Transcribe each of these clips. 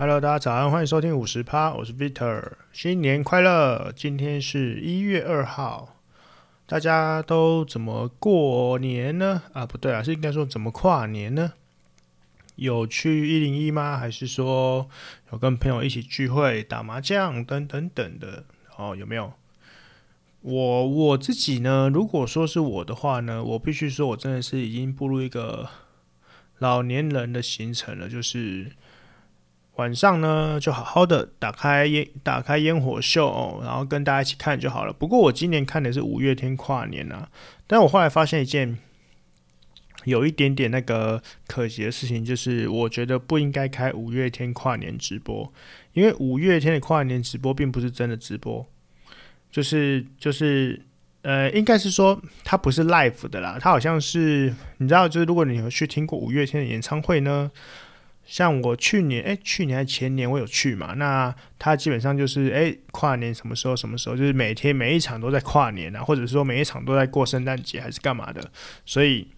Hello，大家早安，歡迎收聽五十趴，我是 Victor，新年快樂！今天是一月二號，大家都怎麼過年呢？啊，不對啊，是應該說怎麼跨年呢？有去一零一嗎？還是說有跟朋友一起聚會、打麻將等等等的？哦，有沒有？我我自己呢？如果說是我的話呢，我必須說我真的是已經步入一個老年人的行程了，就是。晚上呢，就好好的打開煙，打開煙火秀，哦，然後跟大家一起看就好了。不過我今年看的是五月天跨年啊，但我後來發現一件有一點點那個可惜的事情，就是我覺得不應該開五月天跨年直播，因為五月天的跨年直播並不是真的直播，就是就是呃，應該是說它不是 live 的啦，它好像是你知道，就是如果你有去聽過五月天的演唱會呢。像我去年，哎、欸，去年還前年我有去嘛？那他基本上就是，哎、欸，跨年什麼時候什麼時候，就是每天每一場都在跨年啊，或者是說每一場都在過聖誕節還是幹嘛的？所以，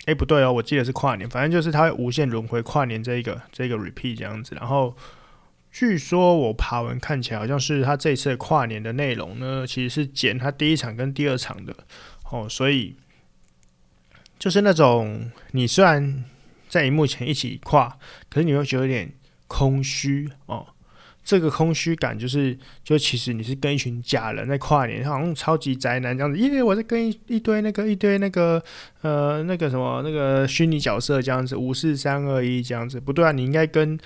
哎、欸，不對哦，我記得是跨年，反正就是他會無限輪迴跨年這一個這個 repeat 這樣子。然後據說我爬文看起來好像是他這次跨年的內容呢，其實是剪他第一場跟第二場的哦，所以就是那種你雖然。在熒幕前一起跨，可是你會覺得有點空虛哦。這個空虛感就是，就其實你是跟一群假人在跨年，好像超級宅男這樣子。因為我在跟一堆那個一堆那個堆、那個、呃那個什麼那個虛擬角色這樣子，五四三二一這樣子，不對啊，你應該跟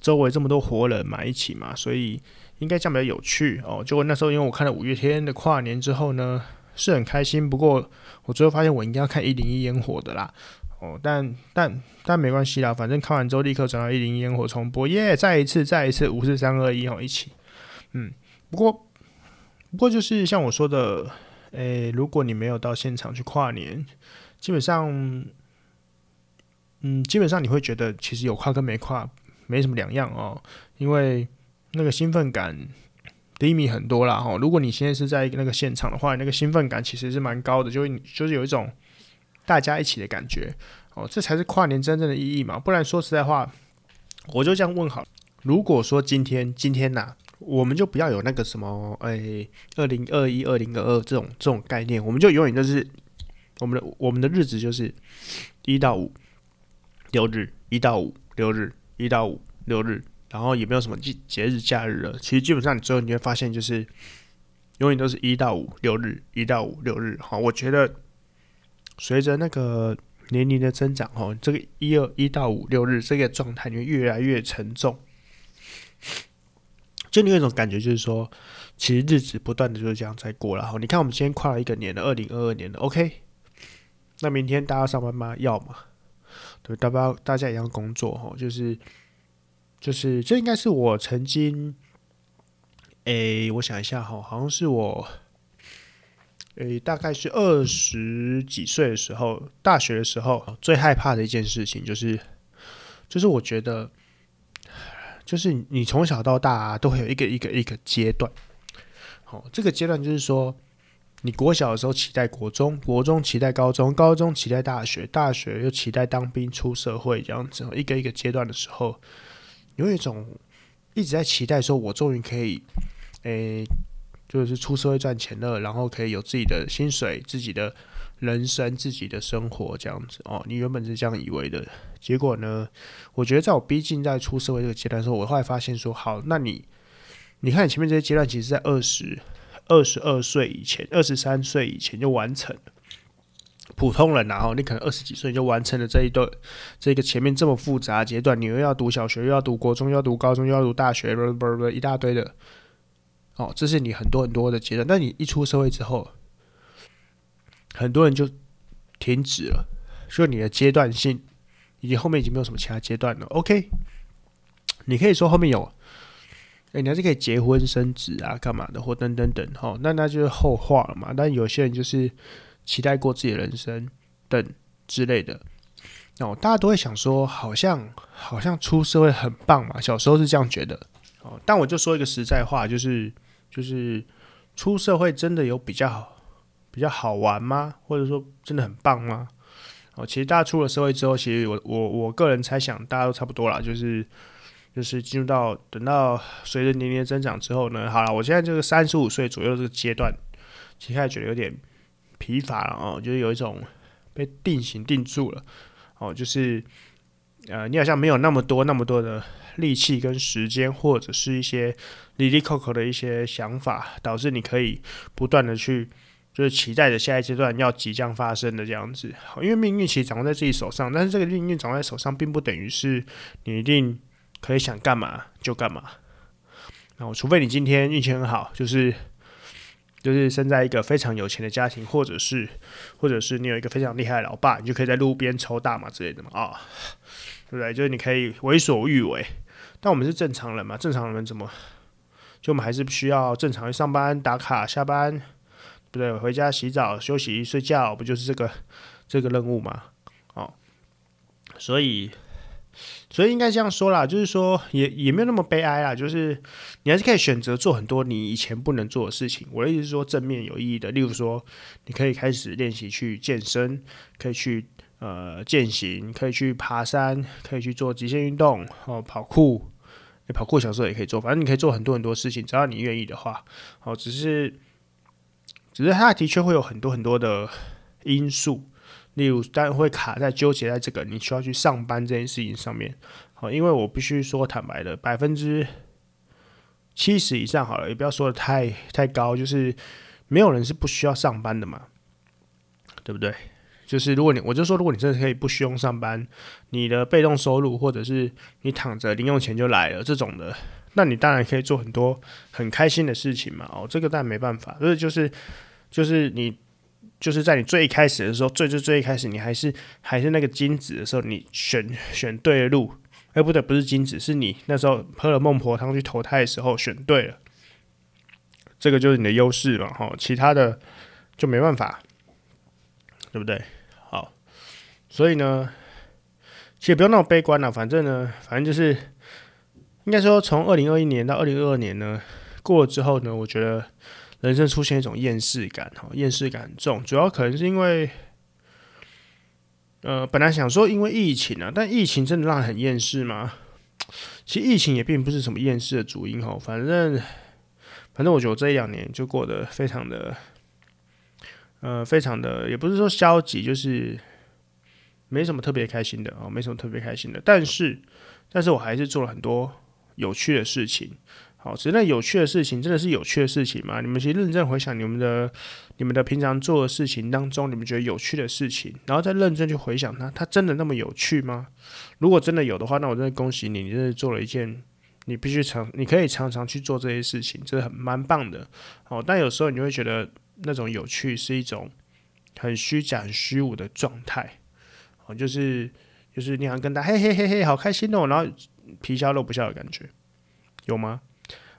周圍這麼多活人嘛一起嘛，所以應該這樣比較有趣哦。結果那時候因為我看了五月天的跨年之後呢，是很開心。不過我最後發現我應該要看一零一煙火的啦。哦，但但但沒關係啦，反正看完之後立刻轉到101煙火重播，耶、yeah,！再一次，再一次，五四三二一哦，一起，嗯。不過，不過就是像我說的，誒、欸，如果你沒有到現場去跨年，基本上，嗯，基本上你會覺得其實有跨跟沒跨沒什麼兩樣哦，因為那個興奮感低迷很多啦哦，如果你現在是在那個現場的話，那個興奮感其實是蠻高的，就會就是有一種。大家一起的感覺哦，這才是跨年真正的意義嘛！不然說實在話，我就這樣問好。如果說今天今天吶、啊，我們就不要有那個什麼哎，二零二一、二零二二這種這種概念，我們就永遠就是我們的我們的日子就是一到五六日，一到五六日，一到五六日、日，然後也沒有什麼節節日假日了。其實基本上你最後你會發現，就是永遠都是一到五六日，一到五六日。好、哦，我覺得。隨着那個年齡的增長，哦，這個一二一到五六日，這個狀態你會越來越沉重，就你有一種感覺就是說，其實日子不斷的就是這樣在過了，吼。你看，我們今天跨了一個年了，二零二二年的，OK。那明天大家上班嗎？要嗎？對，大家大家一樣工作，吼，就是就是這應該是我曾經，誒、欸，我想一下，吼，好像是我。誒，大概是二十幾歲的時候，大學的時候，最害怕的一件事情就是，就是我覺得，就是你從小到大，啊、都會有一個一個一個階段，好，哦，這個階段就是說，你國小的時候期待國中，國中期待高中，高中期待大學，大學又期待當兵出社會，這樣子一個一個階段的時候，有一種一直在期待說，我終於可以，誒。就是出社會賺錢了，然後可以有自己的薪水、自己的人生、自己的生活這樣子哦。你原本是這樣以為的，結果呢？我覺得在我逼近在出社會這個階段的時候，我後來發現說，好，那你，你看你前面這些階段，其實在二十二十二歲以前、二十三歲以前就完成了。普通人、啊，然後你可能二十幾歲就完成了這一段，這個前面這麼複雜的階段，你又要讀小學，又要讀國中，又要讀高中，又要讀大學，啵啵啵，一大堆的。哦，這是你很多很多的階段。那你一出社會之後，很多人就停止了，就你的階段性，以及後面已經沒有什麼其他階段了。OK，你可以說後面有，欸，你還是可以結婚生子啊，幹嘛的，或等等等，哦。那那就是後話了嘛。但有些人就是期待過自己的人生等之類的。哦，大家都會想說，好像好像出社會很棒嘛，小時候是這樣覺得。哦，但我就說一個實在話，就是。就是出社會真的有比較好、比較好玩嗎？或者說真的很棒嗎？哦，其實大家出了社會之後，其實我我我個人猜想，大家都差不多啦，就是就是進入到等到隨着年齡的增長之後呢，好了，我現在這個三十五歲左右的這個階段，其實還覺得有點疲乏了哦，就是有一種被定型定住了哦，就是呃，你好像沒有那麼多那麼多的。力氣跟時間，或者是一些里里扣扣，的一些想法，導致你可以不斷的去，就是期待着下一階段要即將發生的這樣子。好，因為命運其實掌握在自己手上，但是這個命運掌握在手上，並不等於是你一定可以想幹嘛就幹嘛。然後，除非你今天運氣很好，就是就是生在一個非常有錢的家庭，或者是或者是你有一個非常厲害的老爸，你就可以在路邊抽大麻之類的嘛？啊、哦，對不對？就是你可以為所欲為。但我們是正常人嘛，正常人怎麼就我們還是需要正常上班打卡，下班，不對，回家洗澡、休息、睡覺，不就是這個這個任務嗎？哦，所以所以應該這樣說啦，就是說也也沒有那麼悲哀啦，就是你還是可以選擇做很多你以前不能做的事情。我的意思是說正面有意義的，例如說你可以開始練習去健身，可以去。呃，健行，可以去爬山，可以去做極限運動，哦，跑酷，欸、跑酷小時候也可以做，反正你可以做很多很多事情，只要你願意的話，哦，只是，只是他的確會有很多很多的因素。例如，當然會卡在糾結在這個你需要去上班這件事情上面，哦，因為我必須說坦白的，百分之七十以上好了，也不要說的太太高，就是沒有人是不需要上班的嘛，對不對？就是如果你，我就說如果你真的可以不需用上班，你的被動收入或者是你躺着零用錢就來了這種的，那你當然可以做很多很開心的事情嘛。哦，這個當然沒辦法，所以就是就是你就是在你最一開始的時候，最最最一開始你還是還是那個精子的時候，你選選對的路，哎不對，不是精子，是你那時候喝了孟婆湯去投胎的時候選對了，這個就是你的優勢了哈、哦。其他的就沒辦法，對不對？所以呢，其實不用那麼悲觀了。反正呢，反正就是應該說，從二零二一年到二零二二年呢，過了之後呢，我覺得人生出現一種厭世感，哈，厭世感很重。主要可能是因為，呃，本來想說因為疫情啊，但疫情真的讓人很厭世嗎？其實疫情也並不是什麼厭世的主因，哦，反正，反正我覺得我這一兩年就過得非常的，呃，非常的，也不是說消極，就是。沒什麼特別開心的啊、哦，沒什麼特別開心的，但是，但是我還是做了很多有趣的事情。好、哦，其實那有趣的事情真的是有趣的事情嗎？你們其實認真回想你們的、你們的平常做的事情當中，你們覺得有趣的事情，然後再認真去回想它，它真的那麼有趣嗎？如果真的有的話，那我真的恭喜你，你真的做了一件你必須常、你可以常常去做這些事情，這是很蠻棒的。哦，但有時候你就會覺得那種有趣是一種很虛假、很虛無的狀態。就是就是你好像跟他嘿嘿嘿嘿，好開心哦，然後皮笑肉不笑的感覺，有嗎？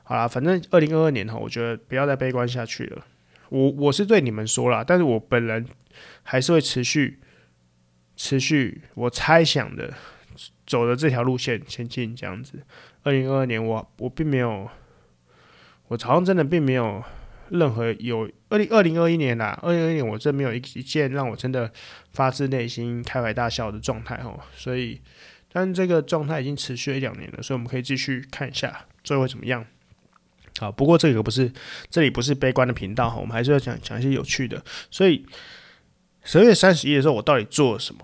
好啦，反正二零二二年哈，我覺得不要再悲觀下去了。我我是對你們說啦，但是我本人還是會持續持續我猜想的走的這條路線前進這樣子。二零二二年我，我我並沒有，我好像真的並沒有任何有。二零二零二一年啦、啊，二零二一年我真沒有一件讓我真的發自內心開懷大笑的狀態哦。所以但這個狀態已經持續了一兩年了，所以我們可以繼續看一下最後怎麼樣。好，不過這個不是這裡不是悲觀的頻道哈、哦，我們還是要講講一些有趣的。所以十二月三十一的時候我到底做了什麼？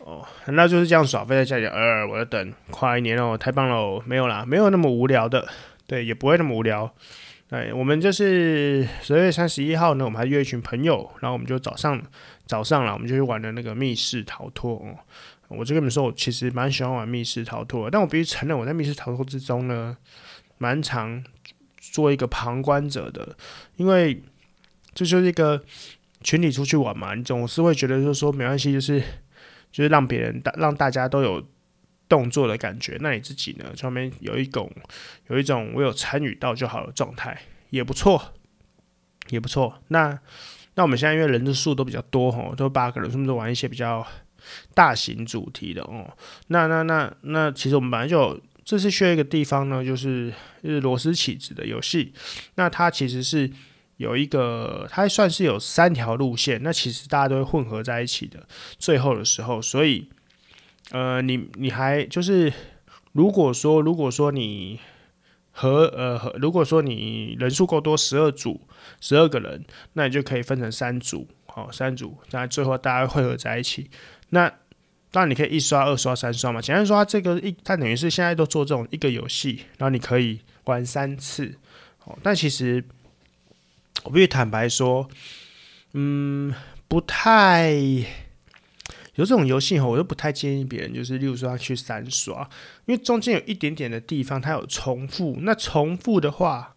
哦，那就是這樣耍廢在家裡。呃，我要等跨一年哦，太棒嘍，沒有啦，沒有那麼無聊的，對，也不會那麼無聊。哎，我們就是十二月三十一號呢，我們還約一群朋友，然後我們就早上早上了，我們就去玩了那個密室逃脫哦、喔。我就跟你們說，我其實蠻喜歡玩密室逃脫，但我必須承認，我在密室逃脫之中呢，蠻常做一個旁觀者的，因為這就是一個群體出去玩嘛，你總是會覺得就是說沒關係、就是，就是就是讓別人大讓大家都有動作的感覺，那你自己呢？上面有一種，有一種我有參與到就好的狀態，也不錯，也不錯。那那我們現在因為人的數都比較多吼，都八個人，是不是玩一些比較大型主題的哦。那那那那，其實我們本來就有這次缺一個地方呢，就是就是螺絲起子的遊戲。那它其實是有一個，它算是有三條路線，那其實大家都會混合在一起的，最後的時候，所以。呃，你你還就是，如果說如果說你和呃和如果說你人數夠多12，十二組十二個人，那你就可以分成三組，好三組，然後最後大家匯合在一起。那當然你可以一刷、二刷、三刷嘛。簡單說，這個一它等於是現在都做這種一個遊戲，然後你可以玩三次。好，但其實我必須坦白說，嗯，不太。有這種遊戲哈，我又不太建議別人，就是例如說要去三刷，因為中間有一點點的地方它有重複，那重複的話，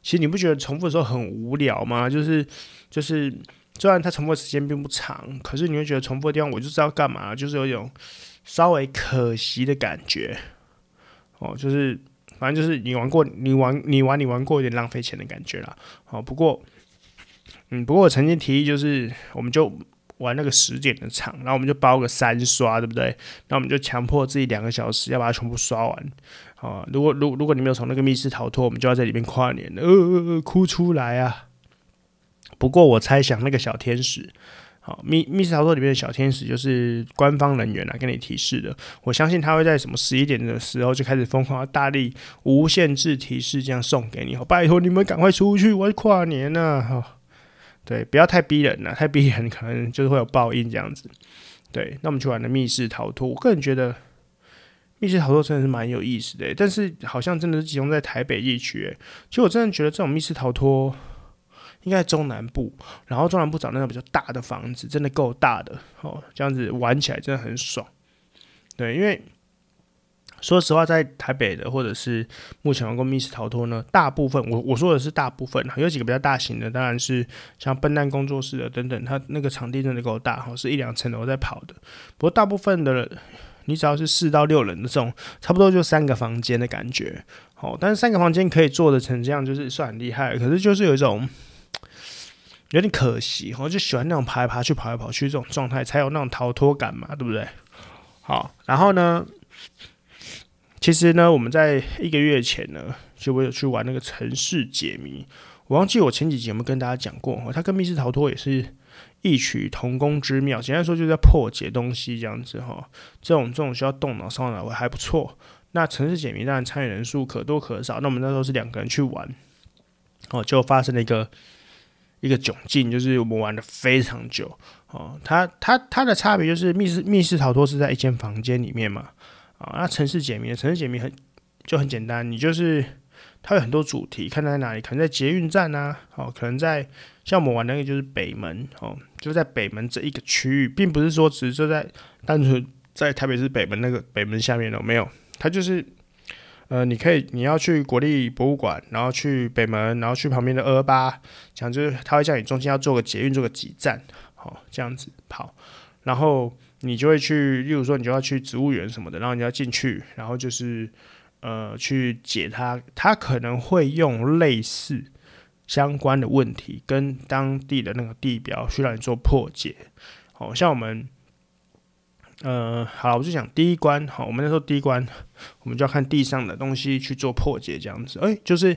其實你不覺得重複的時候很無聊嗎？就是就是，雖然它重複的時間並不長，可是你會覺得重複的地方我就知道幹嘛，就是有一種稍微可惜的感覺。哦，就是反正就是你玩過，你玩你玩你玩過，有點浪費錢的感覺了。哦不過嗯，不過我曾經提議就是，我們就。玩那個十點的場，然後我們就包個三刷，對不對？那我們就強迫自己兩個小時，要把它全部刷完。好、啊，如果如如果你沒有從那個密室逃脫，我們就要在裡面跨年了，呃，呃呃呃，哭出來啊！不過我猜想那個小天使，好、啊、密密室逃脫裡面的小天使就是官方人員來、啊、給你提示的。我相信他會在什麼十一點的時候就開始瘋狂大力無限制提示，這樣送給你。好、哦，拜託你們趕快出去，我要跨年吶、啊！好、啊。對，不要太逼人了，太逼人可能就是會有報應這樣子。對，那我們去玩的密室逃脫，我個人覺得密室逃脫真的是蠻有意思的，但是好像真的是集中在台北地區。其實我真的覺得這種密室逃脫應該在中南部，然後中南部找那種比較大的房子，真的夠大的哦，這樣子玩起來真的很爽。對，因為。說實話，在台北的，或者是目前玩過密室逃脫呢，大部分我我說的是大部分啊，有幾個比較大型的，當然是像笨蛋工作室的等等，它那個場地真的夠大，哈，是一兩層樓在跑的。不過大部分的，你只要是四到六人的這種，差不多就三個房間的感覺，好，但是三個房間可以做的成這樣，就是算很厲害了。可是就是有一種有點可惜，哈，就喜歡那種爬來爬去跑來跑去這種狀態，才有那種逃脫感嘛，對不對？好，然後呢？其實呢，我們在一個月前呢，就我有去玩那個城市解謎。我忘記我前幾集有沒有跟大家講過哦，它跟密室逃脫也是異曲同工之妙。簡單說，就是在破解東西這樣子哈。這種這種需要動腦、上腦，還還不錯。那城市解謎，當然參與人數可多可少。那我們那時候是兩個人去玩，哦，就發生了一個一個窘境，就是我們玩得非常久哦。它它它的差別就是密室密室逃脫是在一間房間裡面嘛。啊，那城市解謎，城市解謎很就很簡單，你就是它有很多主題，看它在哪裡，可能在捷運站吶、啊。哦，可能在像我們玩那個就是北門，哦，就在北門這一個區域，並不是說只是就在單純在台北市北門那個北門下面的，沒有，它就是呃，你可以你要去國立博物館，然後去北門，然後去旁邊的二二八，講就是它會叫你中間要坐個捷運，坐個幾站，好、哦、這樣子跑，然後。你就會去，例如說，你就要去植物園什麼的，然後你要進去，然後就是，呃，去解它。它可能會用類似相關的問題，跟當地的那個地標去讓你做破解。好像我們，呃，好，我就講第一關。好，我們那時候第一關，我們就要看地上的東西去做破解，這樣子。誒、欸，就是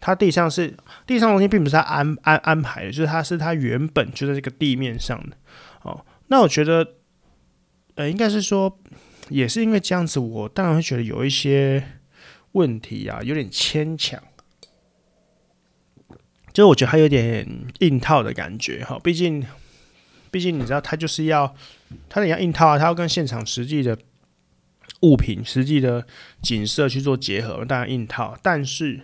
它地上是地上東西，並不是它安安安排的，就是它是它原本就在這個地面上的。哦，那我覺得。呃，應該是說，也是因為這樣子，我當然會覺得有一些問題啊，有點牽強，就我覺得他有點硬套的感覺哈。畢竟，畢竟你知道，他就是要他怎樣硬套啊？他要跟現場實際的物品、實際的景色去做結合，當然硬套。但是，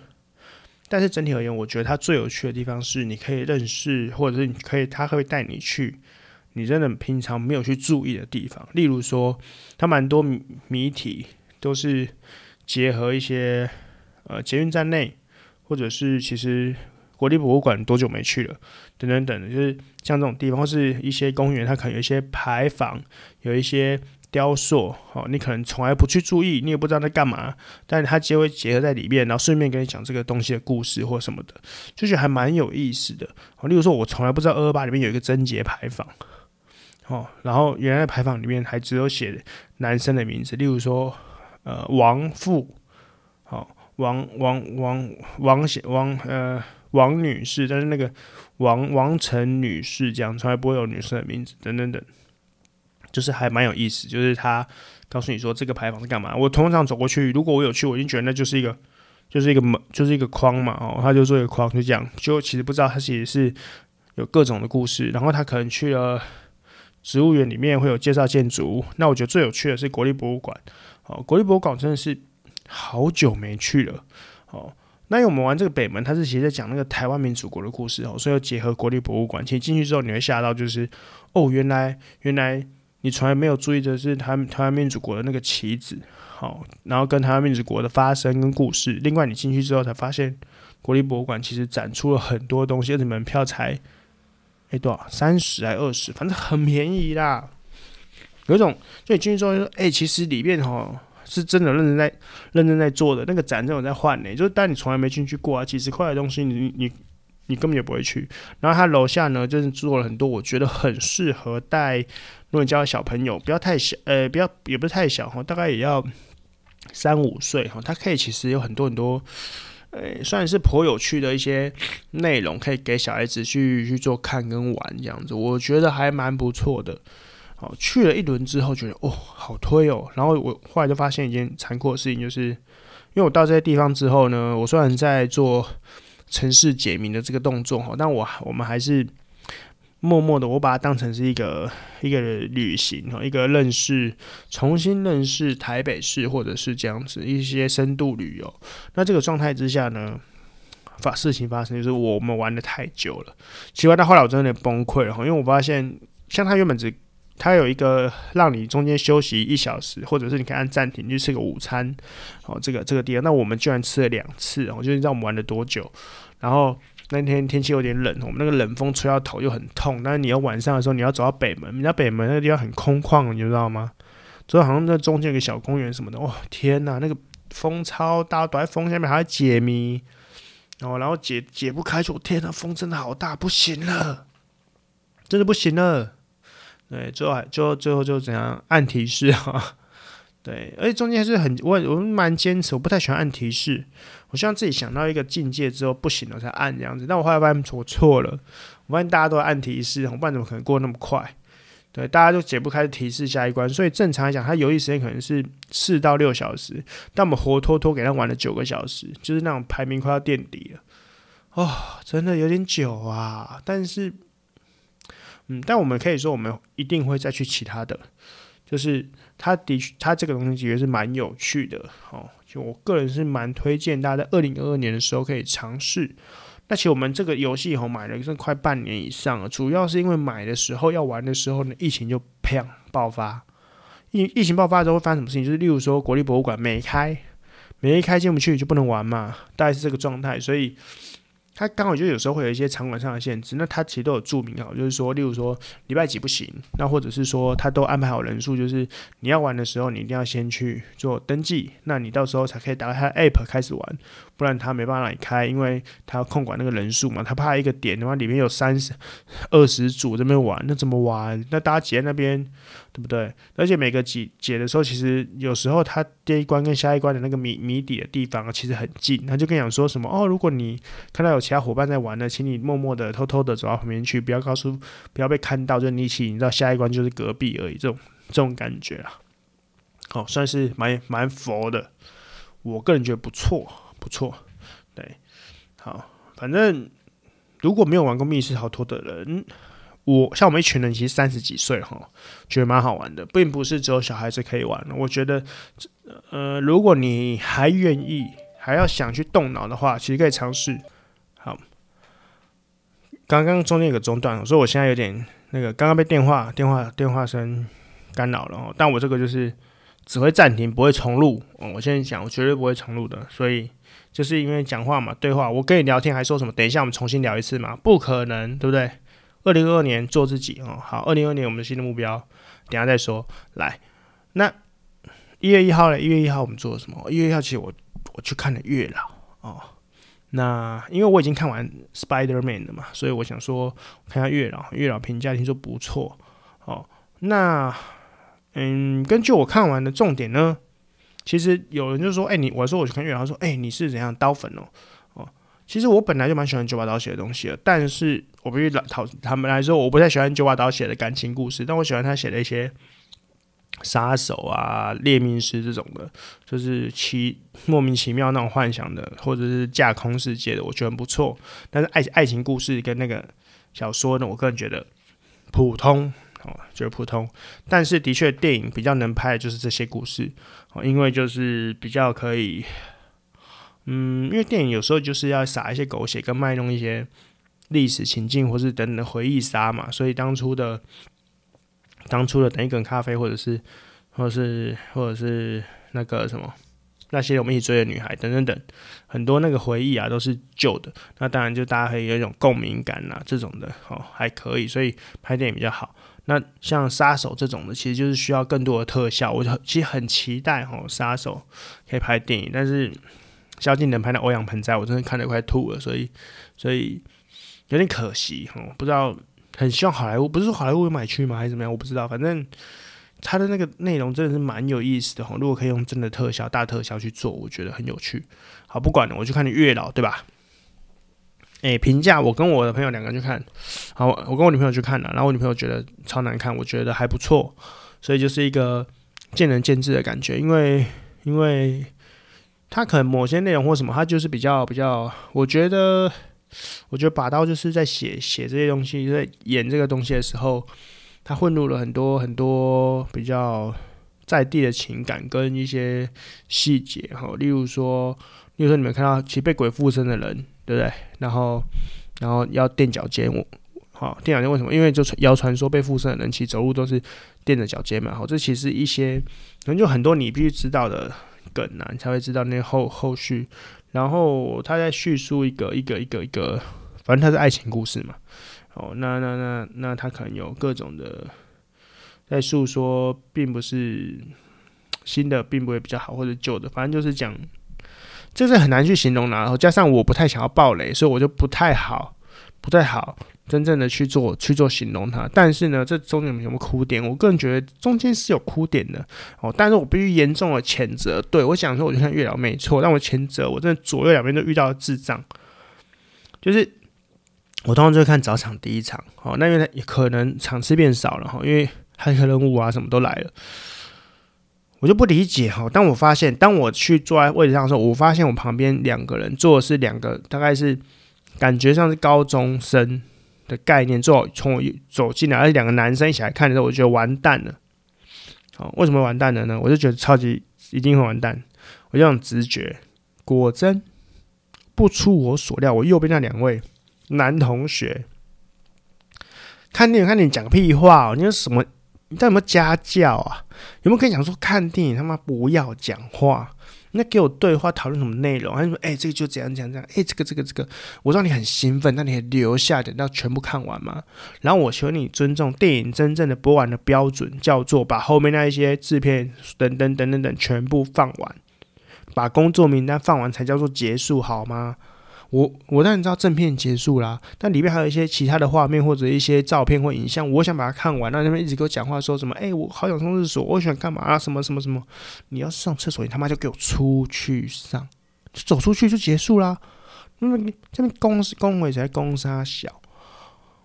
但是整體而言，我覺得他最有趣的地方是，你可以認識，或者是你可以，他會帶你去。你真的平常沒有去注意的地方，例如說，它蠻多謎題都是結合一些呃，捷運站內，或者是其實國立博物館多久沒去了，等等等，就是像這種地方，或是一些公園，它可能有一些牌坊，有一些雕塑，哦，你可能從來不去注意，你也不知道在幹嘛，但是它結會結合在裡面，然後順便跟你講這個東西的故事或什麼的，就是還蠻有意思的。哦，例如說，我從來不知道二二八裡面有一個貞節牌坊。哦，然後原來牌坊裡面還只有寫男生的名字，例如說，呃，王父，好、哦，王王王王寫王呃王女士，但是那個王王成女士這樣，從來不會有女生的名字，等等等，就是還蠻有意思，就是他告訴你說，這個牌坊是幹嘛，我通常走過去，如果我有去，我已經覺得那就是一個就是一個門就是一個框嘛，哦，他就做一個框就這樣，就其實不知道他寫的是有各種的故事，然後他可能去了。植物園裡面會有介紹建築物，那我覺得最有趣的是國立博物館，哦，國立博物館真的是好久沒去了，哦，那因為我們玩這個北門，它是其實在講那個台灣民主國的故事哦，所以要結合國立博物館。其實進去之後你會嚇到，就是哦，原來原來你從來沒有注意的是台台灣民主國的那個旗子，好、哦，然後跟台灣民主國的發生跟故事，另外你進去之後才發現國立博物館其實展出了很多東西，而且門票才。哎、欸啊，多少？三十還二十？反正很便宜啦。有一種，就你進去之後說，哎、欸，其實裡面哈是真的認真在認真在做的。那個展這種在換呢，就是但你從來沒進去過啊，幾十塊的東西你，你你你根本也不會去。然後他樓下呢，就是做了很多，我覺得很適合帶，如果你家的小朋友，不要太小，呃，不要也不是太小哈，大概也要三五歲哈，他可以其實有很多很多。哎、欸，算是頗有趣的一些內容，可以給小孩子去去做看跟玩這樣子，我覺得還蠻不錯的。哦，去了一輪之後，覺得哦，好推哦。然後我後來就發現一件殘酷的事情，就是因為我到這些地方之後呢，我雖然在做城市解謎的這個動作哈，但我我們還是。默默的，我把它當成是一個一個旅行哈，一個認識，重新認識台北市，或者是這樣子一些深度旅遊。那這個狀態之下呢，發事情發生，就是我們玩得太久了。奇怪，到後來我真的崩潰了哈，因為我發現，像他原本只，他有一個讓你中間休息一小時，或者是你可以按暫停去吃個午餐，哦，這個這個地方，那我們居然吃了兩次哦，就是讓我們玩了多久，然後。那天天氣有點冷，我們那個冷風吹到頭又很痛。但是你要晚上的時候，你要走到北門，你知道北門那個地方很空曠，你知道嗎？就好像在中間有個小公園什麼的。哦天哪、啊，那個風超大，躲在風下面還要解謎、哦，然後然後解解不開就，說天哪、啊，風真的好大，不行了，真的不行了。對，最後還最後最後就怎樣按提示啊？對，而且中間還是很我很我們蠻堅持，我不太喜歡按提示，我希望自己想到一個境界之後不行了才按這樣子。但我後來發現我錯了，我發現大家都在按提示，我不知道怎麼可能過那麼快？對，大家都解不開提示下一關，所以正常來講，它遊戲時間可能是四到六小時，但我們活脫脫給他玩了九個小時，就是那種排名快要墊底了。哦，真的有點久啊！但是，嗯，但我們可以說，我們一定會再去其他的，就是。他的確，他這個東西其實是蠻有趣的，哦，就我個人是蠻推薦大家在二零二二年的時候可以嘗試。那其實我們這個遊戲以後買了已經快半年以上了，主要是因為買的時候要玩的時候呢，疫情就啪爆發。疫疫情爆發之後會發生什麼事情？就是例如說國立博物館沒開，沒開進不去就不能玩嘛，大概是這個狀態，所以。他剛好就有時候會有一些場館上的限制，那他其實都有註明哦，就是說，例如說禮拜幾不行，那或者是說他都安排好人數，就是你要玩的時候，你一定要先去做登記，那你到時候才可以打開他的 app 開始玩，不然他沒辦法來開，因為他要控管那個人數嘛，他怕一個點的話裡面有三十、二十組這邊玩，那怎麼玩？那大家擠在那邊，對不對？而且每個擠解的時候，其實有時候他第一關跟下一關的那個謎謎底的地方其實很近，他就跟你講說什麼哦，如果你看到有。其他夥伴在玩呢，請你默默的、偷偷的走到旁邊去，不要告訴，不要被看到。就是你一起，你知道下一關就是隔壁而已，這種這種感覺啊，好、哦，算是蠻蠻佛的。我個人覺得不錯，不錯，對，好。反正如果沒有玩過密室逃脫的人，我像我們一群人其實三十幾歲哈，覺得蠻好玩的，並不是只有小孩子可以玩。我覺得，呃，如果你還願意，還要想去動腦的話，其實可以嘗試。剛剛中間有個中斷，所以我現在有點那個，剛剛被電話電話電話聲干擾了哦、喔。但我這個就是只會暫停，不會重錄、喔。我現在講，我絕對不會重錄的。所以就是因為講話嘛，對話，我跟你聊天還說什麼？等一下我們重新聊一次嘛？不可能，對不對？二零二二年做自己哦、喔。好，二零二二年我們的新的目標，等一下再說。來，那一月一號呢？一月一號我們做了什麼？一月一號其實我我去看了月老哦。喔那因為我已經看完《Spider Man》了嘛，所以我想說，看下月老，月老評價聽說不錯，哦，那嗯，根據我看完的重點呢，其實有人就說，誒、欸，你我說我去看月老，說，誒、欸，你是怎樣刀粉哦，哦，其實我本來就蠻喜歡九把刀寫的東西的，但是我不去討他們來說，我不太喜歡九把刀寫的感情故事，但我喜歡他寫的一些。殺手啊，獵命師這種的，就是其莫名其妙那種幻想的，或者是架空世界的，我覺得很不錯。但是愛愛情故事跟那個小說呢，我個人覺得普通哦，就是普通。但是的確，電影比較能拍的就是這些故事哦，因為就是比較可以，嗯，因為電影有時候就是要撒一些狗血，跟賣弄一些歷史情境，或是等等回憶殺嘛，所以當初的。當初的等一等咖啡，或者是，或者是，或者是那個什麼，那些我們一起追的女孩，等等等，等，很多那個回憶啊，都是舊的。那當然就大家可以有一種共鳴感啊，這種的哦、喔，還可以。所以拍電影比較好。那像殺手這種的，其實就是需要更多的特效。我就其實很期待哈，殺手可以拍電影，但是蕭敬騰拍的歐陽盆栽，我真的看得快吐了。所以，所以有點可惜哈、喔，不知道。很希望好萊塢，不是說好萊塢買去嗎？還是怎麼樣？我不知道，反正他的那個內容真的是蠻有意思的，如果可以用真的特效、大特效去做，我覺得很有趣。好，不管了，我去看《月老》，對吧？誒、欸，評價，我跟我的朋友兩個人去看，好，我跟我女朋友去看了，然後我女朋友覺得超難看，我覺得還不錯，所以就是一個見仁見智的感覺，因為，因為他可能某些內容或什麼，他就是比較比較，我覺得。我覺得拔刀就是在寫寫這些東西，就是、在演這個東西的時候，他混入了很多很多比較在地的情感跟一些細節哈，例如說，例如說你們看到其實被鬼附身的人，對不對？然後，然後要墊腳尖我，好，墊腳尖為什麼？因為就謠傳說被附身的人，其實走路都是墊着腳尖嘛。好，這其實一些可能就很多你必須知道的梗啊，你才會知道那後後續。然後他在敘述一個一個一個一個，反正他是愛情故事嘛。哦，那那那那他可能有各種的在訴說，並不是新的，並不會比較好，或者舊的，反正就是講，這是很難去形容的啊。然後加上我不太想要暴雷，所以我就不太好，不太好。真正的去做，去做形容它。但是呢，這中間有沒什麼哭點？我個人覺得中間是有哭點的哦。但是我必須嚴重的譴責，對我想說，我就看月老沒錯，但我譴責，我真的左右兩邊都遇到了智障，就是我通常就會看早場第一場，好、哦，那邊也可能場次變少了哈，因為還有可能物啊什麼都來了，我就不理解哈。當、哦、我發現，當我去坐在位置上的時候，我發現我旁邊兩個人坐的是兩個，大概是感覺像是高中生。的概念之後，從我走進來，而且兩個男生一起來看的時候，我就覺得完蛋了。好、哦，為什麼完蛋了呢？我就覺得超級一定會完蛋，我有種直覺。果真不出我所料，我右邊那兩位男同學看電影，看電影講屁話、喔，你有什麼？你帶什麼家教啊？有沒有可以講說看電影他媽不要講話？那給我對話討論什麼內容？他說：“哎，這個就怎樣怎樣。哎、欸，這個這個這個，我讓你很興奮，那你還留下等到全部看完嗎？然後我求你尊重電影真正的播完的標準，叫做把後面那一些製片等等等等等全部放完，把工作名單放完才叫做結束，好嗎？”我我當然知道正片結束啦，但裡面還有一些其他的畫面或者一些照片或影像，我想把它看完。那那邊一直給我講話，說什麼？哎、欸，我好想上廁所，我想幹嘛啊？什麼什麼什麼？你要上廁所，你他媽就給我出去上，就走出去就結束啦。那、嗯、麼這邊公司公我起來攻殺小，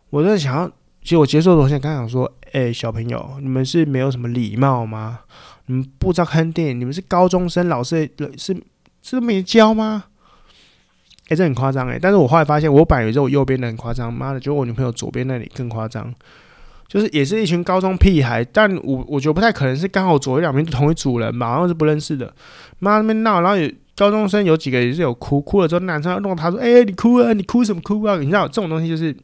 我真的想要，結果結束的時候，我想剛想說，哎、欸，小朋友，你們是沒有什麼禮貌嗎？你們不知道看電影？你們是高中生，老師是是沒教嗎？哎、欸，這很誇張誒，但是我後來發現，我擺在這我右邊的很誇張，媽的，覺得我女朋友左邊那裡更誇張，就是也是一群高中屁孩，但我我覺得不太可能是剛好左右兩邊同一組人吧，然後是不認識的，媽那邊鬧，然後有高中生有幾個也是有哭，哭了之後男生要弄他說：“哎、欸，你哭啊，你哭什麼哭啊？”你知道這種東西就是，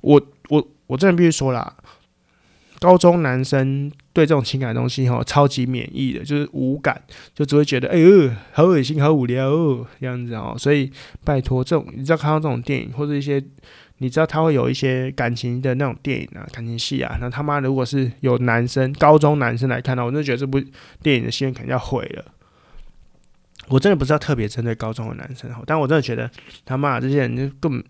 我我我真的必須說啦，高中男生。對這種情感的東西，吼，超級免疫的，就是無感，就只會覺得，哎呦，好惡心，好無聊，這樣子哦。所以拜托，這種你知道，看到這種電影或者一些你知道他會有一些感情的那種電影啊，感情戲啊，那他媽如果是有男生，高中男生來看呢，我真的覺得這部電影的信譽肯定要毀了。我真的不是要特別針對高中的男生，吼，但我真的覺得他媽這些人就根本，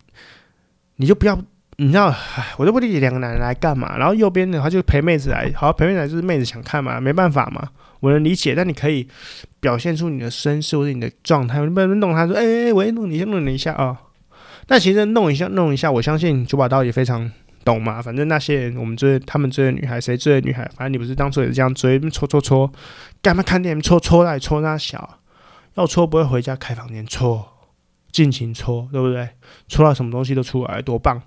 你就不要。你知道，我都不理解兩個男人來幹嘛。然後右邊的話就陪妹子來，好，陪妹子來就是妹子想看嘛，沒辦法嘛，我能理解。但你可以表現出你的身世或者你的狀態，你不能弄他，說哎哎喂，弄你先弄你一下啊。哦、但其實弄一下，弄一下，我相信九把刀也非常懂嘛。反正那些人，我們追他們追的女孩，誰追的女孩，反正你不是當初也是這樣追，戳戳戳，幹嘛看電影？戳戳來戳那小，要戳不會回家開房間戳，盡情戳，對不對？戳到什麼東西都出來，多棒！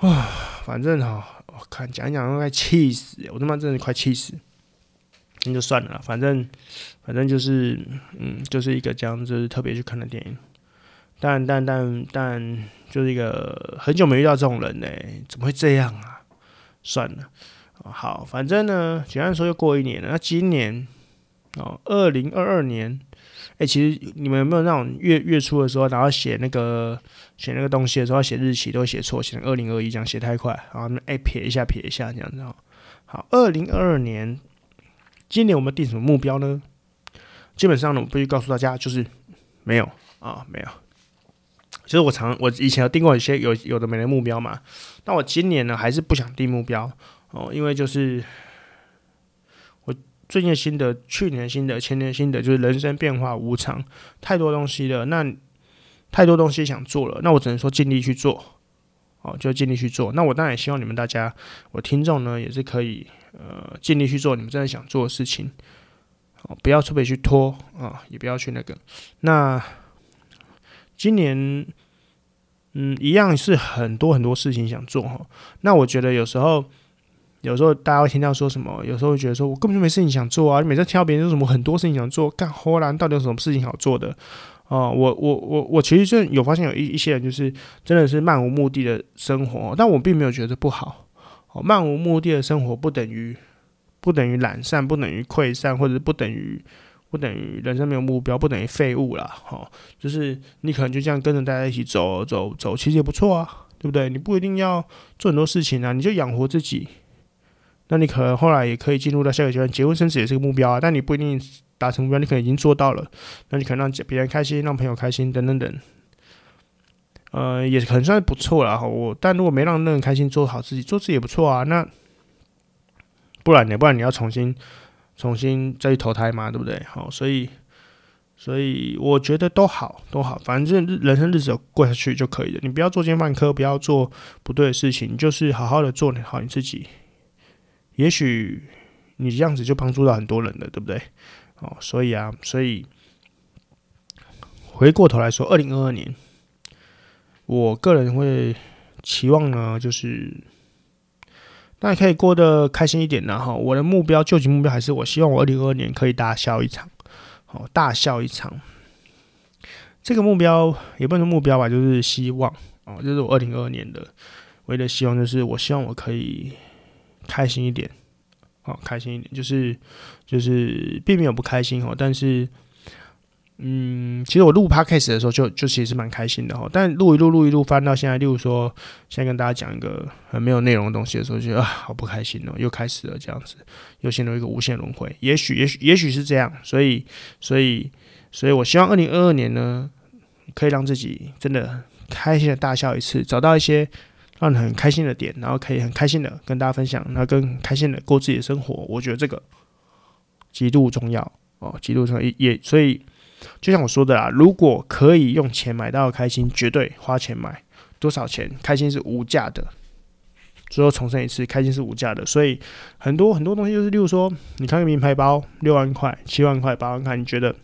啊、哦，反正哈、哦，我、哦、看講一講都快氣死，我他媽真的快氣死，那就算了啦，反正反正就是，嗯，就是一個這樣，就是特別去看的電影，但但但但就是一個很久沒遇到這種人嘞，怎麼會這樣啊？算了，好，反正呢，簡單說又過一年了，那今年哦，二零二二年。誒、欸，其實你們有沒有那種月月初的時候，然後寫那個寫那個東西的時候，寫日期都寫錯，寫成二零二一這樣寫太快，然後誒、欸，撇一下撇一下這樣子好，二零二二年，今年我們定什麼目標呢？基本上呢，我必須告訴大家，就是沒有啊，沒有。其實我常我以前有定過一些有有的沒的目標嘛，但我今年呢還是不想定目標哦，因為就是。最近新的心得，去年新的，前年新的，就是人生變化無常，太多東西了。那太多東西想做了，那我只能說盡力去做，哦，就盡力去做。那我當然也希望你們大家，我聽眾呢也是可以，呃，盡力去做你們真的想做的事情，哦，不要特別去拖啊，哦，也不要去那個。那今年，嗯，一樣是很多很多事情想做哈，哦。那我覺得有時候。有時候大家會聽到說什麼，有時候會覺得說我根本就沒事情想做啊！你每次聽到別人說什麼很多事情想做，幹活啦，你到底有什麼事情好做的啊，呃？我我我我其實就有發現有一一些人就是真的是漫無目的的生活，但我並沒有覺得不好。哦，漫無目的的生活不等於不等於懶散，不等於潰散，或者是不等於不等於人生沒有目標，不等於廢物啦。哦，就是你可能就這樣跟着大家一起走走走，其實也不錯啊，對不對？你不一定要做很多事情啊，你就養活自己。那你可能後來也可以進入到下個階段，結婚生子也是個目標啊。但你不一定達成目標，你可能已經做到了。那你可能讓別人開心，讓朋友開心等等等，嗯、呃，也可能算是不錯了哈。我但如果沒讓別人開心，做好自己，做自己也不錯啊。那不然呢？不然你要重新、重新再去投胎嘛，對不對？好，所以所以我覺得都好，都好，反正人生日子過下去就可以了。你不要作奸犯科，不要做不對的事情，就是好好的做好你自己。也許你這樣子就幫助到很多人了，對不對？哦，所以啊，所以回過頭來說，二零二二年，我個人會期望呢，就是大家可以過得開心一點的哈。我的目標，究竟目標還是我希望我二零二二年可以大笑一場，哦，大笑一場。這個目標也不能說目標吧，就是希望啊，這、就是我二零二二年的唯一的希望就是，我希望我可以。開心一點，哦，開心一點，就是就是並沒有不開心哦，但是，嗯，其實我錄趴開始的時候就，就就其實蠻開心的哈，但錄一錄，錄一錄，翻到現在，例如說現在跟大家講一個很沒有內容的東西的時候，就覺得啊好不開心哦，又開始了這樣子，又陷入一個無限輪迴，也許也許也許是這樣，所以所以所以我希望二零二二年呢，可以讓自己真的開心的大笑一次，找到一些。讓你很開心的點，然後可以很開心的跟大家分享，然後更開心的過自己的生活。我覺得這個極度重要哦，極度重要也。所以就像我說的啦，如果可以用錢買到開心，絕對花錢買。多少錢，開心是無價的。最後重申一次，開心是無價的。所以很多很多東西就是，例如說，你看個名牌包，六萬塊、七萬塊、八萬塊，你覺得，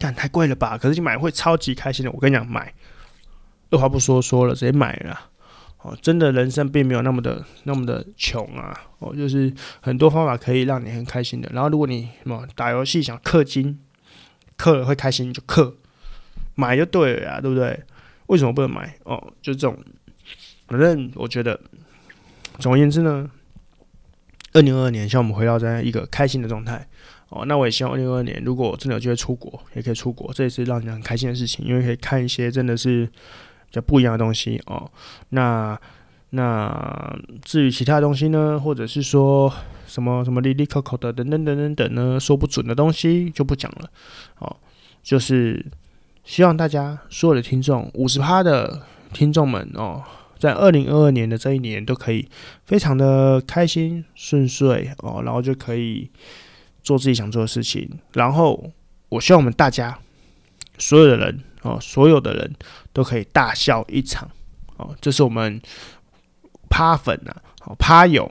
幹，太貴了吧？可是你買會超級開心的。我跟你講，買，二話不說說了，直接買了啦。哦，真的，人生並沒有那麼的那麼的窮啊！哦，就是很多方法可以讓你很開心的。然後，如果你什麼打遊戲想氪金，氪了會開心就氪，買就對了呀，啊，對不對？為什麼不能買？哦，就這種。反正我覺得，總而言之呢，二零二二年希望我們回到這樣一個開心的狀態。哦，那我也希望二零二二年，如果真的有機會出國，也可以出國，這也是讓你很開心的事情，因為可以看一些真的是。較不一樣的東西哦，那那至於其他東西呢，或者是說什麼什麼利利口口的等等等等等呢，說不準的東西就不講了。哦，就是希望大家所有的聽眾五十趴的聽眾們哦，在二零二二年的這一年都可以非常的開心順遂哦，然後就可以做自己想做的事情。然後我希望我們大家所有的人，哦，所有的人都可以大笑一場，哦，這是我們趴粉吶、啊，哦，趴友，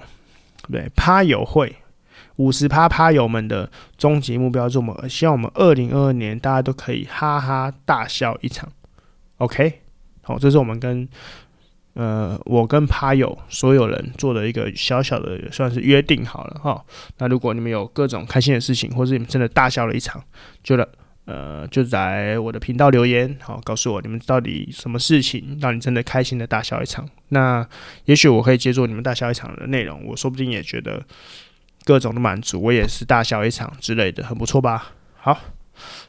對，趴友會五十趴趴友們的終極目標是我們，希望我們二零二二年大家都可以哈哈大笑一場，OK？好、哦，這是我們跟呃，我跟趴友所有人做的一個小小的算是約定好了哈、哦。那如果你們有各種開心的事情，或是你們真的大笑了一場，覺得。呃，就在我的頻道留言，好、哦，告訴我你們到底什麼事情讓你真的開心的大笑一場？那也許我可以接受你們大笑一場的內容，我說不定也覺得各種的滿足，我也是大笑一場之類的，很不錯吧？好，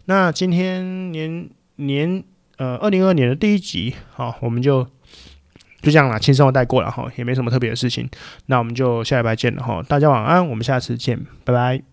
那今天年年呃二零二二年的第一集，好、哦，我們就就這樣啦，輕鬆地帶過了哈，也沒什麼特別的事情，那我們就下禮拜見了哈，大家晚安，我們下次見，拜拜。